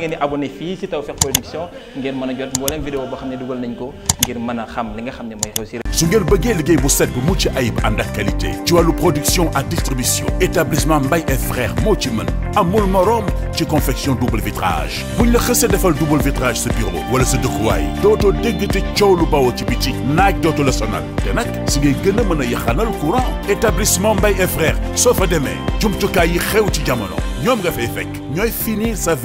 ngeen di abonné fii ci Tawfekh Production ngeen mën a jot mboolem vidéo boo xam ne dugal nañ ko ngir mën a xam li nga xam ne mooy xew ci su ngeen bëggee liggéey bu set bu mucc ayib ànd ak qualité ci wàllu production ak distribution établissement Mbaye et frères moo ci mën amul morom ci confection double vitrage buñ la xësee defal double vitrage sa bureau wala sa dëkkuwaay dootoo dégg te coow lu bawoo ci biti naaj dootu la sonal te nag si ngay gën a mën a yaxanal courant établissement Mbaye et frères soo demee jumtukaay yi xew ci jamono ñoom nga fay fekk sa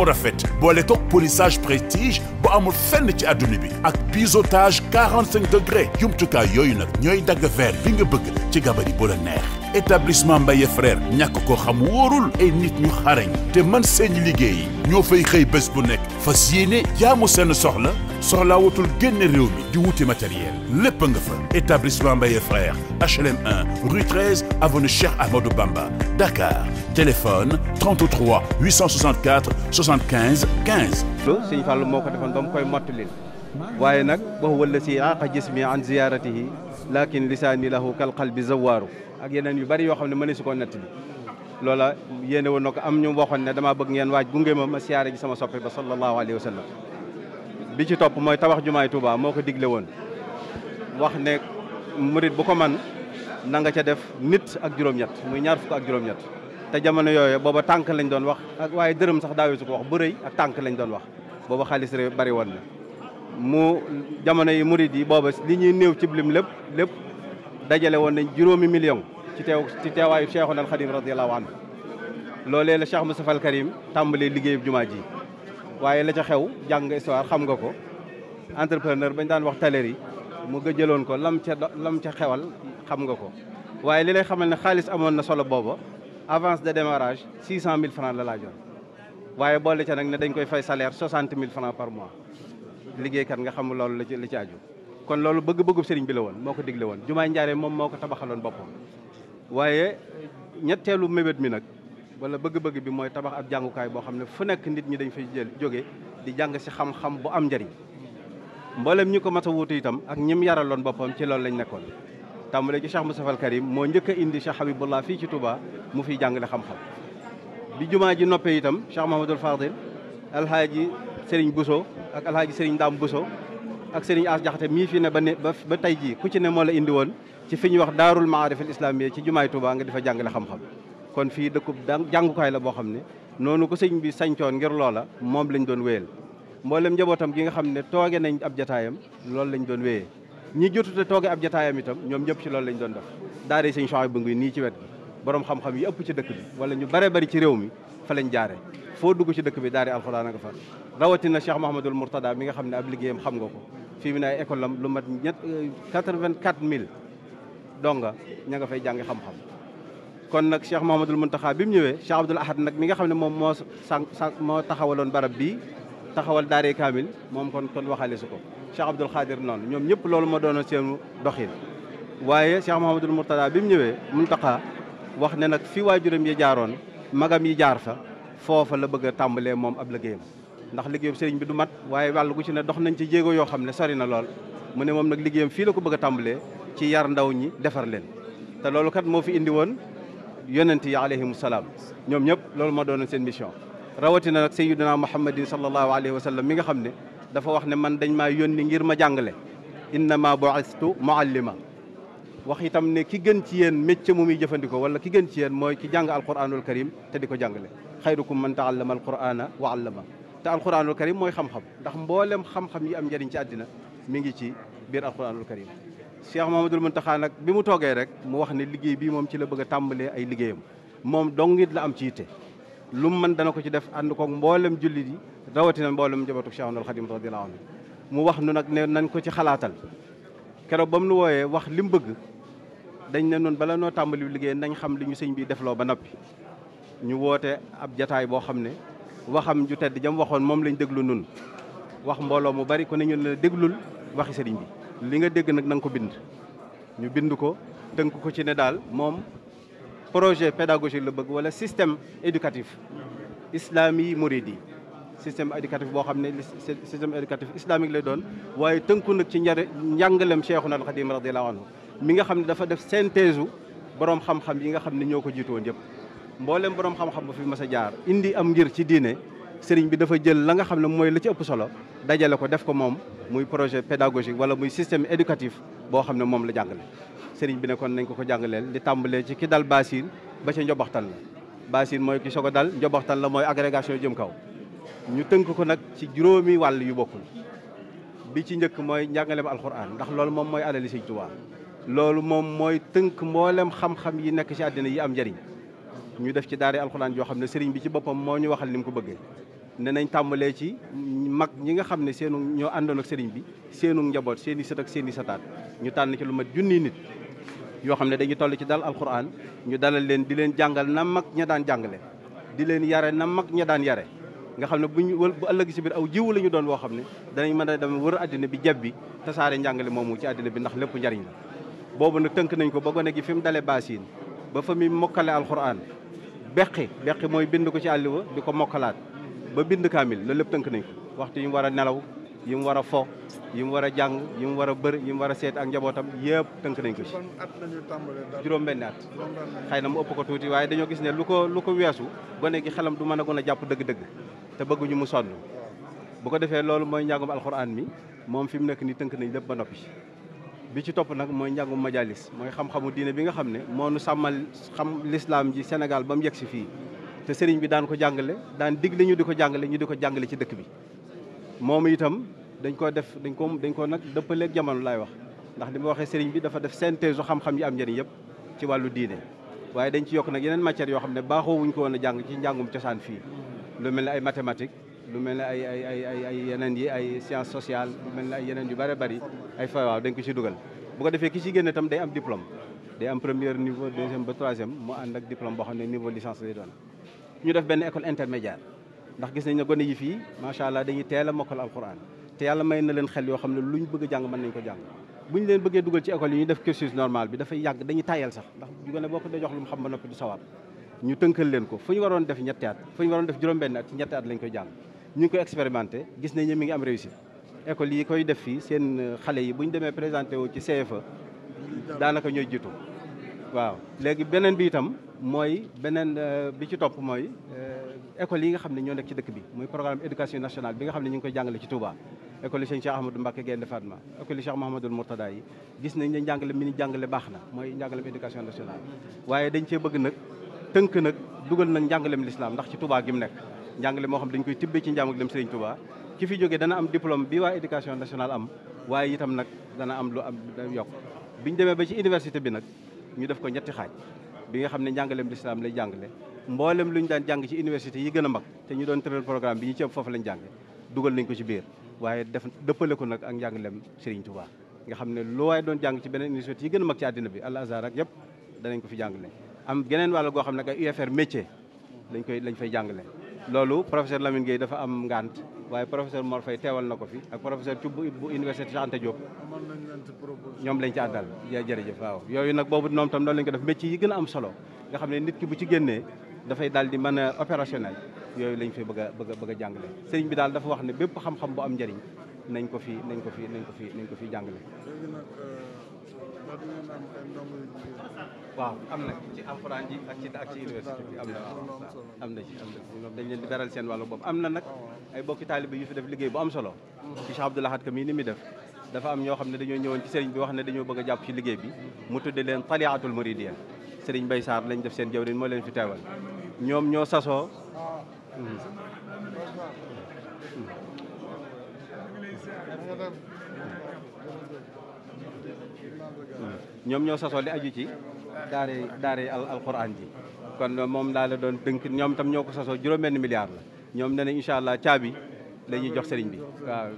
mu rafet boole kook polissage prestige bu amul fenn ci adduna bi ak biseautage 45 degré jumtukaay yooyu nag ñooy dagg verre bi nga bëgg ci gabari bu la neex établissement Mbaye frère ñàkk ko xam wóorul ay nit ñu xarañ te man seen liggéey ñoo fay xëy bés bu nekk fa yéene jaamu seen soxla soxlaa wutul génne réew mi di wuti matériel lépp nga fa établissement Mbaye frère HLM 1 rue 13 avenue Cheikh Amadou Bamba Dakar téléphone 33 864 75 15. loolu sëñ fal moo ko defoon ba mu koy mottali waaye nag wax wala si aaqa jismi an ziyaaratihi laakin lisaani lahu kal qalbi zawaaru ak yeneen yu bari yoo xam ne mëne su koo nett bi loola yéene won na ko am ñu waxoon ne damaa bëgg ngeen waaj gunge ma ma siyaare ji sama soppe ba sallallahu alayhi wa sallam bi ci topp mooy tabax jumaay Touba moo ko digle woon wax ne murit bu ko man na nga ca def nit ak juróom-ñett muy ñaar fukk ak juróom-ñett te jamono yooyu booba tànk lañ doon wax ak waaye dërëm sax daawe su ko wax bu ak tànk lañ doon wax booba xaalis rek bari woon na mu jamono yi murit yi booba li ñuy néew ci lim lépp lépp dajale woon nañ juróomi million ci teew ci teewaayu Cheikhul Khadim radiyallahu anhu loolee la Cheikh Moustapha al Karim tàmbalee liggéeyub jumaa ji waaye la ca xew jàng histoire xam nga ko entrepreneur bañ daan wax taler yi mu gëjëloon ko lam ca lam ca xewal xam nga ko waaye li lay xamal ne xaalis amoon na solo booba avance de démarrage six cent mille francs la laajoon waaye boole ca nag ne dañ koy fay salaire soixante mille francs par mois liggéeykat nga xam loolu la ci la ci kon loolu bëgg-bëggub sëriñ bi la woon moo ko woon jumaay njaaree moom moo ko tabaxaloon boppam waaye ñetteelu mebet mi nag wala bëgg-bëgg bi mooy tabax ab jàngukaay boo xam ne fu nekk nit ñi dañ fay joge di jàng si xam-xam bu am njariñ mboolem ñi ko mat a ak ñim yaraloon boppam ci loolu lañ nekkoon tàmbale ci Cheikh Moustapha al Karim moo njëkk a indi Cheikh Habibullah fii ci tubaa mu fiy jàngale xam-xam bi jumaa ji noppee itam Cheikh Mahamadul Fadil alhaaji Serigne Bousso ak alhaaji Serigne Dame Bousso ak sëriñ As Jaxate mii fi ne ba ne ba tey jii ku ci ne moo la indi woon ci fi ñuy wax daarul maarifil islamiyya ci jumaay Tuubaa nga di fa jàngale xam-xam kon fii dëkkub jàngukaay la boo xam ne noonu ko sëñ bi sañcoon ngir loola moom lañ doon wéyal mboolem njabootam gi nga xam ne tooge nañ ab jataayam loolu lañ doon wéyee ñi jotute tooge ab jataayam itam ñoom ñëpp ci loolu lañ doon def daara sëñ Chouaïbou bu ngi nii ci wet gi borom xam-xam yi ëpp ci dëkk bi wala ñu bare bari ci réew mi fa lañ jaare foo dugg ci dëkk bi daari alxuraan nga fa rawatina Cheikh Mouhamadul Mourtada mi nga xam ne ab liggéeyam xam nga fii mu ne ay école lu mat ñett euh, quatre-vingt-quatre mille donga ña nga fay jàngi xam-xam kon nag Cheikh Mouhamadoul Mountakha bi mu ñëwee Cheikh Abdoul Ahad nag mi nga xam ne moom moo sa moo taxawaloon barab bii taxawal daaree kaamil moom kon kon waxaale su ko Cheikh Abdoul Khadir noon ñoom ñëpp loolu moo doonoon seenu doxin waaye Cheikh Mouhamadoul Mourtada bi mu ñëwee Mountakha wax ne nag fi waajuram yi jaaroon magam yi jaar fa foofa la bëgg a tàmbalee moom ab liggéeyam ndax liggéeyam sëriñ bi du mat waaye wàllu gu ci ne dox nañ ci jéego yoo xam ne sori na lool mu ne moom nag liggéeyam fii la ko bëgg a tàmbalee ci yar ndaw ñi defar leen te loolu kat moo fi indi woon yonent yi alayhimu salaam ñoom ñëpp loolu moo doonoon seen mission rawatina nag sayyidina muhammadin sallallahu alayhi wa sallam mi nga xam ne dafa wax ne man dañ maa yónni ngir ma jàngale innama bu'istu muallima wax itam ne ki gën ci yéen métier mu muy jëfandikoo wala ki gën ci yéen mooy ki jàng alquranul karim te di ko jàngale xayrukum man taallama alqurana wa allama te alxuraanul karim mooy xam-xam ndax mboolem xam-xam yi am njariñ ci àddina mi ngi ci biir alxuraanul karim Cheikh Mamadul Muntaxa nag bi mu toogee rek mu wax ne liggéey bii moom ci la bëgg a tàmbalee ay liggéeyam moom dongit la am ci yitte lu mu mën dana ko ci def ànd koog mboolem jullit yi rawatina mboolem njabootu Cheikhul Xadim radiyallahu anhu mu wax nu nag ne nañ ko ci xalaatal keroog ba mu nu wooyee wax li mu bëgg dañ ne noonu bala noo tàmbali liggéey nañ xam li ñu sëñ bi defloo ba noppi ñu woote ab jataay boo xam ne waxam ju tedd jam waxoon moom lañ déglu nun wax mbooloo mu bari ku ne ñu la déglul waxi sëriñ bi li nga dégg nag na nga ko bind ñu bind ko tënk ko ci ne daal moom projet pédagogique la bëgg wala système éducatif islami muridi système éducatif boo xam ne système éducatif islamique lay doon waaye tënku nag ci njare njàngalem Cheikhuna al Xadim la anhu mi nga xam ne dafa def synthèse borom xam-xam yi nga xam ne ñoo ko jiitu woon mboolem borom xam-xam ba fi mas a jaar indi am ngir ci diine sëriñ bi dafa jël la nga xam ne mooy la ci ëpp solo dajale ko def ko moom muy projet pédagogique wala muy système éducatif boo xam ne moom la jàngale sëriñ bi ne kon nañ ko ko jàngaleel di tàmbalee ci kii dal basin ba ca njobaxtan la basin mooy ki soog a dal njobaxtan la mooy agrégation jëm kaw ñu tënk ko nag ci juróomi wàll yu bokkul bi ci njëkk mooy njàngaleem alxuraan ndax loolu moom mooy alali sëriñ loolu moom mooy tënk mboolem xam yi nekk ci àddina yi am njëriñ ñu def ci daara alxuraan joo xam ne sëriñ bi ci boppam moo ñu waxal ni mu ko bëggee ne nañ tàmbalee ci mag ñi nga xam ne seenu ñoo àndoon ak sëriñ bi seenu njaboot seeni sët ak seeni sataat ñu tànn ci lu mat junni nit yoo xam ne dañu toll ci dal alxuraan ñu dalal leen di leen jàngal na mag ña daan jàngale di leen yare na mag ña daan yare nga xam ne bu ñu bu ëllëg si aw jiwu la ñu doon woo xam ne danañ mën a dem wër àddina bi jab bi tasaare njàngale moomu ci àddina bi ndax lépp njariñ boobu nag tënk nañ ko ba gone gi fi mu dalee baasiin ba fa mi mokkale alxuraan beqi beqi mooy bind ko ci àlliwa di ko mokkalaat ba bind kaamil loolu lépp tënk nañ ko waxtu yi mu war a nelaw yi mu war a fo yi mu war a jàng yi mu war a bër yi mu war a seet ak njabootam yëpp tënk nañ ko ci juróom-benn at xëy na mu ëpp ko tuuti waaye dañoo gis ne lu ko lu ko weesu gone gi xelam du mën a gën a jàpp dëgg-dëgg te bëgguñu mu sonn bu ko defee loolu mooy njàngum alxuraan mi moom fi mu nekk nii tënk nañ lépp ba noppi bi ci topp nag mooy njàngum majalis mooy xam-xamu diine bi nga xam ne moo nu sàmmal xam lislaam ji Sénégal ba mu yegg si fii te sëriñ bi daan ko jàngale daan digle ñu di ko jàngale ñu di ko jàngale ci dëkk bi moom itam dañ koo def dañ ko dañ ko nag dëppaleeg jamono laay wax ndax li ma waxee sëriñ bi dafa def synthèse u xam-xam yi am njëriñ yëpp ci wàllu diine waaye dañ ci yokk nag yeneen matières yoo xam ne baaxoo wuñ ko woon a jàng ci njàngum cosaan fii lu mel ne ay mathématiques lu mel ne ay ay ay ay ay yi ay science sociale lu mel ne ay yeneen yu bare bari ay fa waaw dañ ko ci dugal bu defee ki ci génne tam day am diplôme day am premier niveau deuxième ba troisième mu ànd ak diplôme boo xam ne niveau licence lay doon ñu def benn école intermédiaire ndax gis nañ ne gone yi fii macha allah dañuy teel a mokkal alquran te may na leen xel yoo xam ne luñ bëgg a jàng mën nañ ko jàng bu ñu leen bëggee dugal ci école yi ñu def cursus normal bi yàgg dañuy tàyyal sax ndax ñu gone xam ba noppi du sawaab ñu leen ko fu ñu waroon def ñetti at fu ñu waroon def lañ koy jàng ñu ngi koy expérimenté gis nañ ne mi ngi am réussite école yi koy def fii seen euh, xale yi bu ñu demee présenté wu ci CFA daanaka ñooy jiitu waaw léegi beneen bi itam mooy beneen euh, bi ci topp mooy euh, école yi nga xam ne ñoo nekk ci dëkk bi muy programme éducation nationale bi nga xam ne ñu ngi koy jàngale ci Touba école yi Cheikh Ahmadou Mbacke Gaynde Fatma école yi Cheikh Mouhamadoul Mourtada yi gis nañ ne njàngale mi ni jàngale baax na mooy njàngalem éducation nationale waaye dañ cee bëgg nag tënk nag dugal nag njàngalem l'islam ndax ci Touba gi mu nekk njàngale moo xam dañ koy tibbee ci njaam ak dem Sëriñ Touba ki fi jógee dana am diplôme bi waa éducation nationale am waaye itam nag dana am lu am yokk ñu demee ba ci université bi nag ñu def ko ñetti xaaj bi nga xam ne njàngaleem lislaam lay jàngale mboolem lu ñu daan jàng ci université yi gën a mag te ñu doon tëral programme bi ñu ci ëpp foofu lañ jànge dugal nañ ko ci biir waaye def dëppale ko nag ak njàngaleem Sëriñ Touba nga xam ne lu waaye doon jàng ci beneen yi gën a mag bi al azhar yëpp danañ ko fi jàngale am geneen wàll goo xam ne ay UFR métier lañ koy lañ fay jàngale loolu professeur Lamine Gueye dafa am ngant waaye professeur Mor Faye teewal na ko fi ak professeur Thioub bu université Cheikh Anta Diop ñoom lañ ci àndal jërëjëf waaw yooyu nag boobu noom tam loolu lañ ko def métier yi gën a am solo nga xam ne nit ki bu ci génnee dafay daal di mën a opérationnel yooyu lañ fi bëgg a bëgg a bëgg a jàngale sëriñ bi daal dafa wax ne bépp xam-xam bu am njariñ nañ ko fi nañ ko fi nañ ko fi nañ ko fi jàngale waaw am na ci alxuraan ji ak ci ak ci université bi am na waaw am na ci am na dañ leen di beral seen wàllu bopp am na nag ay bokki taalibe yu fi def liggéey bu am solo ci Cheikh Abdoul Ahad ka mii ni mi def dafa am ñoo xam ne dañoo ñëwoon ci sëriñ bi wax ne dañoo bëgg a jàpp ci liggéey bi mu tudde leen taliatul muridiya sëriñ Bay Sarr lañ def seen jawrin moo leen fi teewal ñoom ñoo sasoo hmm. Hmm. ñoom ñoo sasoo li aju ci daare daare al alquran ji kon moom laa la doon dënk ñoom tam ñoo ko sasoo juróom-benn milliard la ñoom ne nañ incha allah caabi la ñuy jox sëriñ bi waaw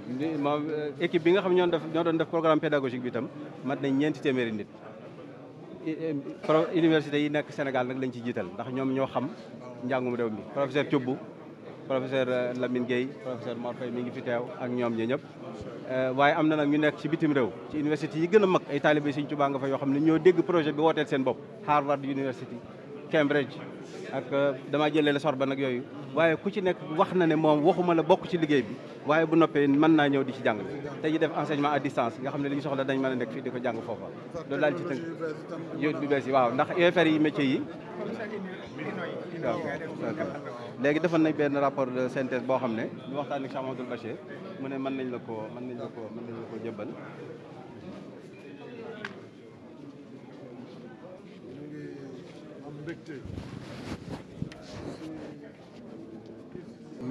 moom eh, équipe bi nga xam ñoo def ñoo doon def programme pédagogique bi tam man nañ ñeenti téeméeri nit eh, université yi nekk Sénégal nag lañ ci jiital ndax ñoom ñoo xam njàngum réew mi professeur Thioub professeur eh, Lamine Gueye professeur Mor mi ngi fi teew ak ñoom ñi Euh, waaye am na nag ñu nekk ci bitim réew ci université yi gën a mag ay taalibe Sëriñ Tuubaa nga fa yoo xam ne ñoo dégg projet bi wooteel seen bopp Harvard University Cambridge ak euh, damaa jëlee la Sorbonne nag yooyu waaye ku ci nekk wax na ne moom waxuma la bokk ci liggéey bi waaye bu noppee mën naa ñëw di ci jàngale te ñu def enseignement à distance nga xam ne li ñu soxla dañ mën a nekk fii di ko jàng foofa loolu daal ci tënk yóot bi bees yi waaw ndax UFR yi métiers yi waaw léegi defoon nañ benn rapport de synthèse boo xam ne ñu waxtaan ak Cheikh Amadou mu ne mën nañ la koo mën nañ la koo mën nañ la koo jëbbal mbégte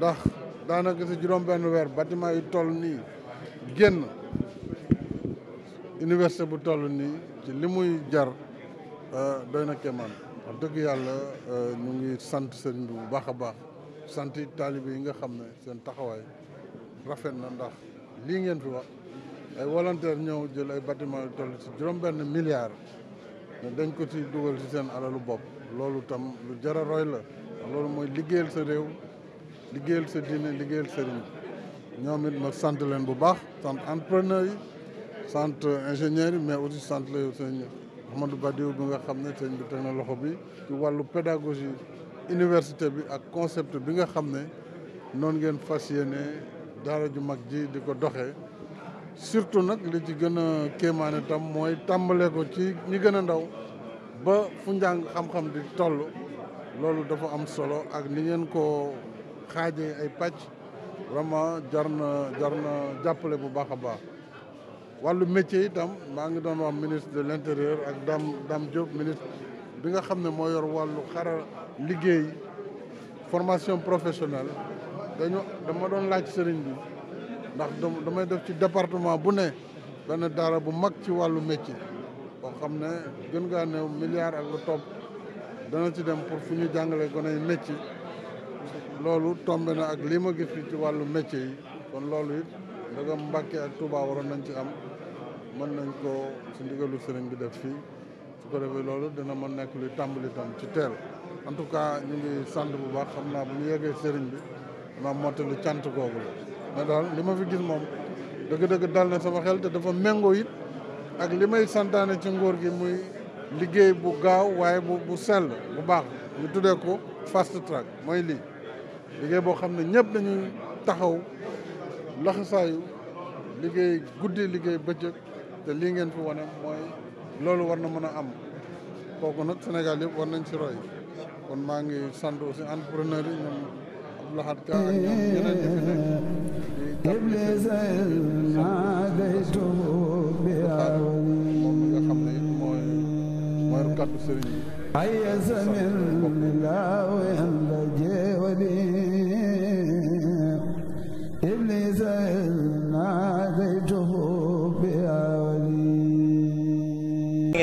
ndax daanaka si juróom-benn weer batiment yu toll nii génn université bu toll nii ci li muy jar euh, doy na kéemaan wax dëgg yàlla euh, ñu ngi sant sëriñ bu baax a baax sant taalibe yi nga xam ne seen taxawaay rafet na ndax lii ngeen fi wax ay volontaire ñëw jël ay batiment yu toll si juróom-benn milliard ne dañ ko ci dugal si seen alalu bopp loolu tam lu jar a roy la loolu mooy liggéeyal sa réew liggéeyal sa diine liggéeyal sëriñ ñoom it ma sant leen bu baax sant entrepreneur yi sant ingénieurs yi mais aussi sant leen sëñ Amadou Badiou bi nga xam ne sëñ bi teg na loxo bi ci wàllu pédagogie université bi ak concept bi nga xam ne noonu ngeen fas yéene daara ju mag ji di ko doxee surtout nag li ci gën a kéemaane tam mooy tàmbalee ko ci ñi gën a ndaw ba fu njàng xam-xam di toll loolu dafa am solo ak ni ngeen ko xaajee ay pàcc vraiment jar na jar na jàppale bu baax a baax wàllu métier itam maa ngi doon wax ministre de l' ak Dame Dame Diop ministre bi nga xam ne moo yor wàllu xara liggéey formation professionnelle dañu dama doon laaj sëriñ bi ndax damay def ci département bu ne benn daara bu mag ci wàllu métier boo xam ne gën ngaa néew milliard ak lu topp dana ci dem pour fu ñu jàngale gone yi métier loolu tombe na ak lii ma gis fi ci wàllu métier yi kon loolu it mbake ak Touba waroon nañ ci am mën nañ ko ci ndigalu sëriñ bi def fii su ko defee loolu dina mën nekk luy tàmbali tam ci teel en tout cas ñu ngi sant bu baax xam naa bu ñu yeggee sëriñ bi ma mottali cant googu la mais daal li ma fi gis moom dëgg-dëgg dal na sama xel te dafa méngoo it ak li may santaane ci nguur gi muy liggéey bu gaaw waaye bu bu sell bu baax ñu tuddee ko fast track mooy lii liggéey boo xam ne ñëpp dañuy taxaw laxasaayu liggéey guddi liggéey bëccëg te lii ngeen fi wane mooy loolu war na mën a am kooku nag Sénégal yëpp war nañ si roy kon maa ngi sant aussi entrepreneur yi ñoom Abdou Lahad Ka ak ñoom ñeneen ñi fi nekk moom mi